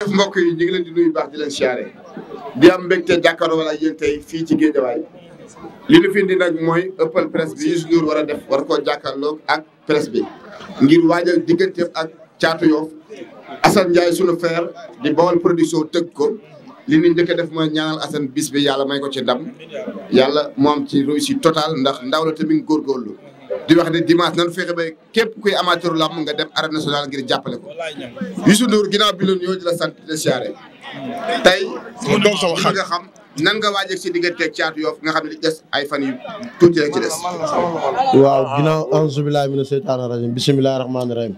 jërëjëf mbokk yi ñu ngi leen di nuyu baax di leen siyaare di am mbégte jàkkaarloo wala yéen tey fii ci Géejawaay li ñu fi indi mooy ëppal presse bi Youssou Ndour war a def war koo jàkkaarloog ak presse bi ngir waajal digganteem ak caatu Yoff Assane Ndiaye sunu frère di Baol Production tëgg ko li ñu njëkk def mooy ñaanal Assane bis bi yàlla may ko ci ndam yàlla moom ci réussite total ndax ndaw la tamit góorgóorlu di wax ne dimanche nan fexe ba képp kuy amateur làmb nga dem arène nationale ngir jàppale ko Youssou Ndour ginnaaw bi loon ñoo di la sant di la siyaare tey doom nga xam nan nga waaj ak si digganteeg caatu yoof nga xam ne li des ay fan yu tuuti rek ci des waaw ginnaaw auzu billaahi mina seytaani rajiim bismillaahi rahmaani rahiim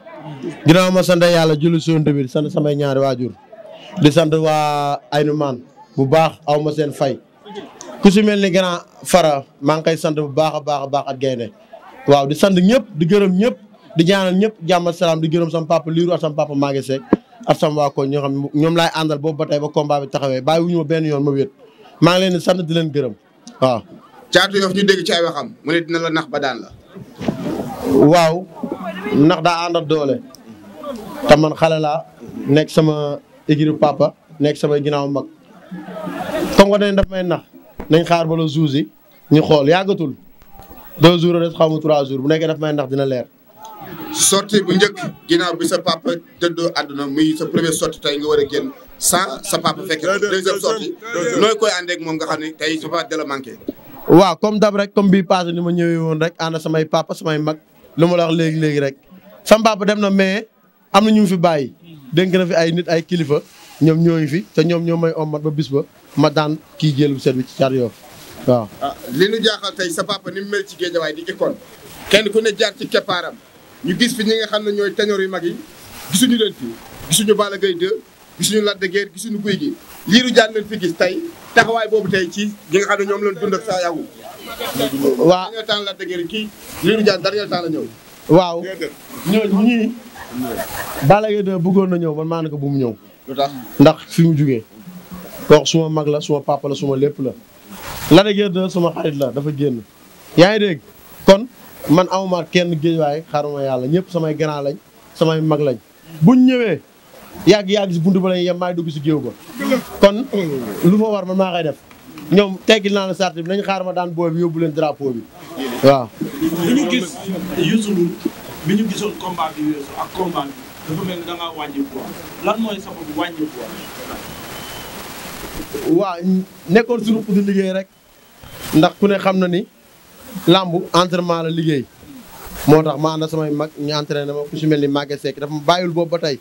ginnaaw ma sant yàlla julli suñu bi di sant samay ñaari waajur di sant waa aynu maan bu baax aw ma seen fay ku si mel ni grand fara maa ngi koy sant bu baax a baax a baax ak gaynde waaw di sant ñëpp di gërëm ñëpp di ñaanal ñëpp jàmm ak salaam di gërëm sama papa liiru ak sama papa Maguette Seck ak sama waa ko ñoo xam ne ñoom laay àndal boobu ba tey ba combat bi taxawee bàyyi wuñu ma benn yoon ma wéet maa leen di sant di leen gërëm waaw. Caatu Yoff ñu dégg ci ay waxam mu ne dina la nax ba daan la. waaw ndax daa ànd doole te man xale laa nekk sama écurie papa nekk sama ginnaaw mag comme que dañ daf may nax nañ xaar ba la juge ñu xool yàggatul. deux jours des xaw ma trois jours bu nekkee daf may ndax dina leer. sorti bu njëkk ginaar bi sa papa dëddoo àdduna muy sa première sortie tey nga war a génn sans sa papa fekk deuxième nooy koy àndee moom nga xam ne manqué. waaw comme dab rek comme bii passé ni ma ñëwee woon rek ànd samay papa samay mag lu ma la wax léegi léegi rek sama papa dem na mais am na ñu fi bàyyi dénk na fi ay nit ay kilifa ñoom ñoo ngi fi te ñoom ñoo may ommat ba bis ba ma daan kii jël bu set bi ci car yoof waaw ah li nu jaaxal tey sa papa ni mu mel ci géejawaay di icône kenn ku ne jaar ci keppaaram ñu gis fi ñi nga xam ne ñooy teñor yu mag yi gisuñu leen fi gisuñu Balla Gaye 2 gisuñu Lac gi Guiers gisuñu Gouye jaan leen fi gis tey taxawaay boobu tey ci ñi nga ñoom leen dund saa yàggul waaw dernier temps Lac kii liiru jaan dernier temps ñëw waaw ñooñu ñii Balla Gaye 2 bëggoon na ñëw man maa ne bu mu ñëw lu tax ndax fi mu jugee kooku suma mag la suma papa la suma lépp la la de guerre suma xarit la dafa génn yaa ngi dégg kon man amuma kenn géejuwaay xaruma yàlla ñëpp samay grand lañ samay mag lañ bu ñëwee yàgg yàgg si buntu ba lañ yem dugg si géew ba kon lu fa war man maa koy def ñoom teggil naa la sart bi nañ xaar ma daan booy bi yóbbu leen drapeau bi waaw bi ñu gis Youssou Ndour bi ñu gisoon combat bi weesu ak combat bi dafa mel ni da wàññi poids lan mooy sababu wàññi poids waaw nekkoon suñu di liggéey rek ndax ku ne xam na ni làmb entraînement la liggéey moo tax ma ànd ak samay mag ñu entraîné ma ku si mel ni Maguette Seck dafa ma bàyyiwul boobu ba tey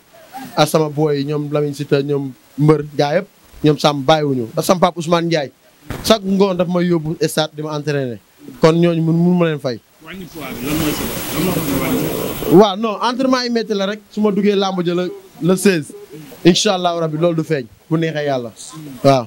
a sama booy ñoom Lamine Sita ñoom Mbër gaa yëpp ñoom Sam bàyyiwuñu ak sama papa Ousmane Ndiaye chaque ngoon dafa may yóbbu stade di ma entraîné kon ñooñu mun mun ma leen fay. waaw non entraînement yi métti la rek su ma duggee làmb ja la le 16 incha allah loolu du feeñ bu neexee yàlla waaw.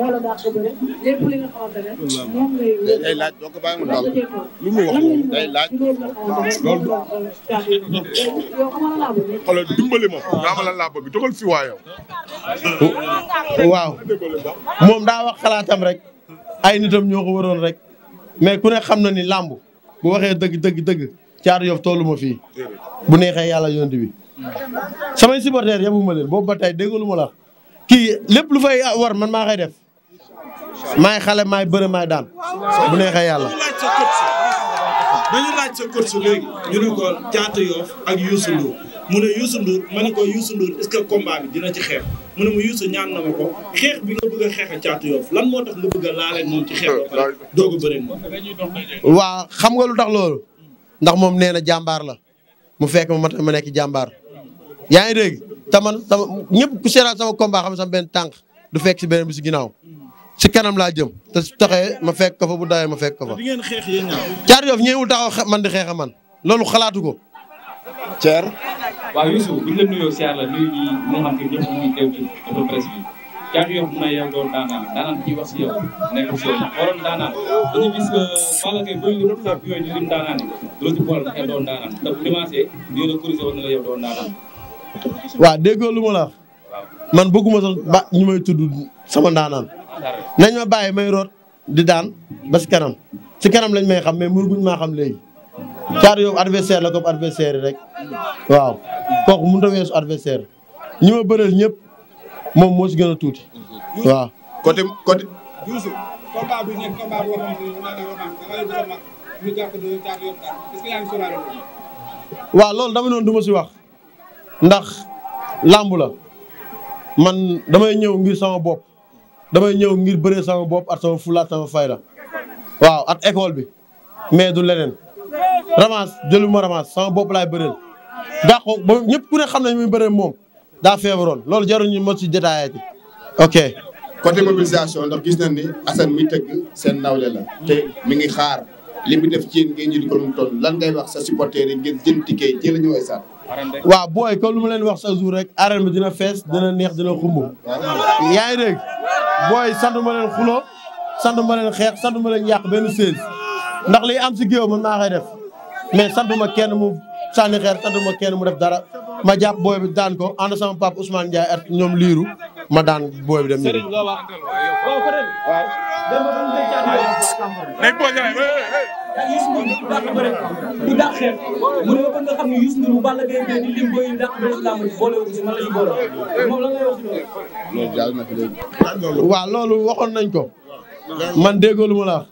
boole laaj doo ko bàyyi mu ma. daa ma lan laa bëgg dogal waaw moom daa wax xalaatam rek. ay nitam ñoo ko waroon rek. mais ku ne xam na ni làmb bu waxee dëgg dëgg dëgg caar yof tollu ma fii. bu neexee yàlla yonent bi. samay supporters yabuma leen boobu ba tey ma la kii lépp lu fay war man maa koy def. maay xale maay bëre maay daan bu neexee yàlla. dañu laaj sa coach mu ne Youssou Ndour ma ne ko Youssou Ndour est-ce que dina ci xeex mu ne mu Youssou ñaan na ma ko xeex bi nga bëgg xeex ak Thiatou Yoff lan moo tax nga bëgg a laaleeg ci xeex ba pare doog xam nga lu tax loolu ndax moom nee jàmbaar la mu fekk ma ma nekk jàmbaar yaa ngi dégg te man sama ñëpp ku seeraat sama combat xam sama benn tànk du fekk si beneen bi si ginnaaw si kanam laa jëm te su taxee ma fekk ko fa bu dawee ma fekk ko fa. xeex yéen Caatu Yoff ñëwul taxaw man di xeex a man loolu xalaatu ko. Thier. waaw Youssou ñu lu ma la man bëgguma sax ba ñu may tudd sama ndaanaan nañ ma bàyyi may root di daan ba si kanam si kanam lañ may xam mais murguñ maa xam léegi Caatu Yoof adversaire la comme adversaire yi rek waaw kooku mënut a weesu adversaire ñi ma bëreel ñëpp moom moo ci gën a tuuti waaw. côté côté. waaw loolu dama noonu du ma wax ndax làmb man damay ñëw ngir sama bopp. damay ñëw ngir bëree sama bopp at sama fulaat sama fayda waaw at école bi mais du leneen ramas jëluma ramas sama bopp laay bëreel dàqoo ba ñëpp ku ne xam nañ muy bëreel moom daa feebaroon loolu jaruñu mos ci détaillé ok côté mobilisation ndax gis nañ ni Assane mi tëgg seen nawle la te mu ngi xaar li mu def ci yéen ngeen ko mu toll lan ngay wax sa supporter yi ngeen jënd ticket jël ñu way sax waaw booy comme lu ma leen wax sa jour rek arène bi dina fees dina neex dina booy sant ma leen xulo sant ma leen xeex sant ma leen yàq benn sées ndax liy am si géew man maa koy def mais sant ma kenn mu sànni xeer sant ma kenn mu def dara ma jàpp booy bi daan ko ànd sama papa Ousmane Ndiaye ak ñoom liiru ma daan booy bi dem ñëw. waaw. ndax loolu jàll waxoon nañ ko man déggoo lu ma la wax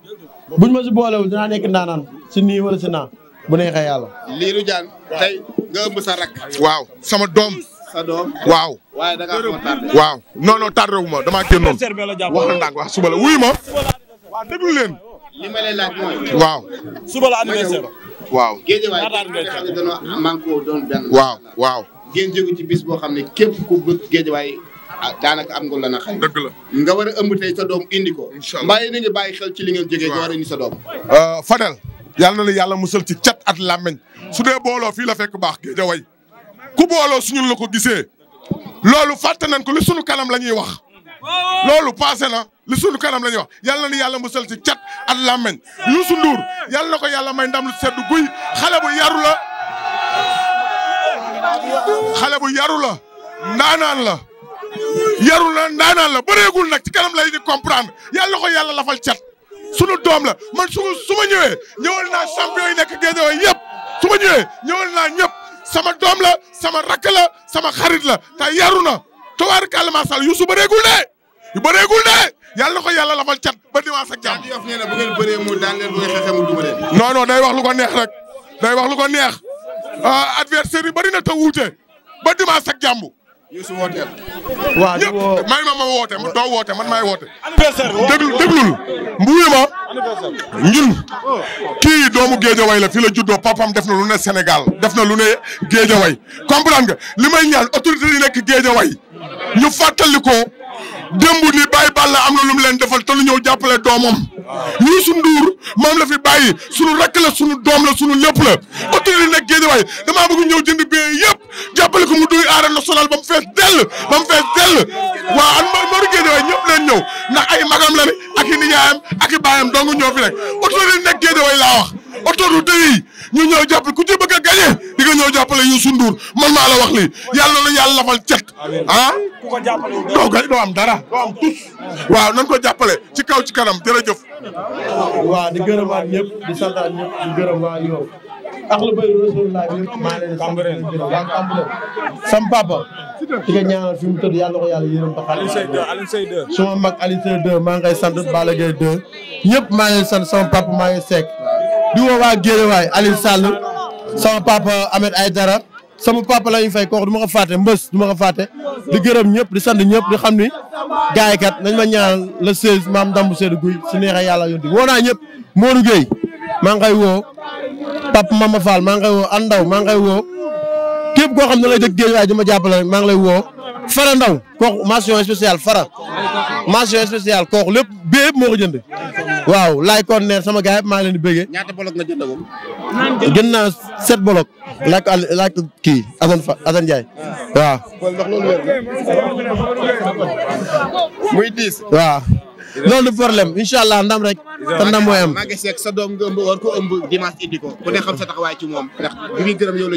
buñ ma si boolewul dinaa nekk ndaanaan si nii wala si naa bu neexee yàlla liiru jaan tey nga ëmb sa rak waaw sama doom sa waaw waaye da nga wu ma damaa génnoon wax na ndànk wax suba la wuy ma waa li ma lay laaj mooy. waaw. suba la anniversaire. waaw. géejewaay waaw waaw. ngeen ci bis boo xam ne képp ku bëgg géejewaay ah, daanaka am nga la na xay. la nga war a ëmb tey sa doom indi ko. incha allah mbaa yéen bàyyi xel ci li ngeen jógee. waaw nga war a indi sa doom. Euh, na la yàlla musal ci cat at làmmeñ su dee booloo fii la fekk baax géejewaay ku booloo suñu la ko gisee loolu fàtte nañ ko li suñu kanam la ñuy wax loolu passé na li sunu kanam la ñuy wax ni yàlla musal ci cat ak làmmeñ Youssou Ndour yal na ko yàlla may ndam lu seddu guy xale bu yaru la xale bu yaru la ndaanaan la yaru la ndaanaan la bëreegul nag ci kanam lay di comprendre yal ko yàlla lafal cat sunu doom la man su su ma ñëwee ñëwal naa champion yi nekk Guédiawaye yëpp su ñëwal naa ñëpp sama doom la sama rakk la sama xarit la te yaru na tuwaar kàlla maa sall yu su bëreegul de yu bëreegul de yàlla na ko yàlla lafal cat ba dimanche ak jàmm. Yoff nee na bu ngeen bëree mu daan leen bu day wax lu ko neex rek day wax lu ko neex ah, adversaire yi bëri na te wuute ba dimanche ak jàmm. Youssou wooteel. waaw ñëpp may ma ma woote doo woote man maay woote. anniversaire bi déglu déglul mbuuy ma. ñun kii doomu Géejawaay la fi la juddoo papam def na lu ne Sénégal def na lu ne Géejawaay comprendre nga li may ñaan autorité yi nekk Géejawaay. ñu fàttali ko démb ni Baye Balla am na lu mu leen defal te lu ñëw jàppale doomam. Youssou Ndour maam la fi bàyyi sunu rakk la sunu doom la sunu lépp la autorité nag Guédiawaye damaa bëgg ñëw jënd bee yëpp jàppale ku mu duy na nationale ba mu fees dell ba mu fees dell waaw an ma Mor ñëw ndax ay magam la ne ak i nijaayam ak i baayam dong ñoo fi nekk autorité nag Guédiawaye laa wax autorité ñu ñëw jàppale ku ci bëgg a gagné di nga ñëw jàppale Youssou Ndour man maa la wax lii yàlla na yàlla lafal cet ah doo ga doo am dara doo waaw nan ko jàppale ci kaw ci kanam jërëjëf waaw di gërëmaat ñëpp di santaat ñëpp di gërëm waa yow ak lu bëri Rasulullah di Cambérène waa Cambérène fi mu tëdd yàlla ko yàlla yërëm ba Alioune suma mag Alioune maa ngi koy sant Balla Gaye 2 ñëpp maa ngi leen sant sama papa maa ngi Seck di woo waa Guédiawaye Aliou Sall sama papa Ahmed sama papa la ñu fay kooku du ma ko fàtte mbës du ma ko fàtte di gërëm ñëpp di sant ñëpp di xam ni gaay kat nañ ma ñaanal le 16 maam Ndambu Seydou Guy si neexee yàlla yonti woo naa ñëpp Modou Gueye maa ngi koy woo Pape Mama Fall maa ngi koy woo Andaw maa ngi koy woo képp koo xam ne lay dëgg géej waaye di ma jàppale rek maa ngi lay woo fara ndaw kooku mention spéciale fara mention spéciale kooku lépp bee yëpp moo jënd waaw laay contenaire sama gars yëpp maa leen di bëggee ñaata bolok nga jënd moom gën naa kii Assane fa Assane Ndiaye waaw muy diis problème incha allah rek. te mooy am sa doom nga ëmb war ko ëmb dimanche indi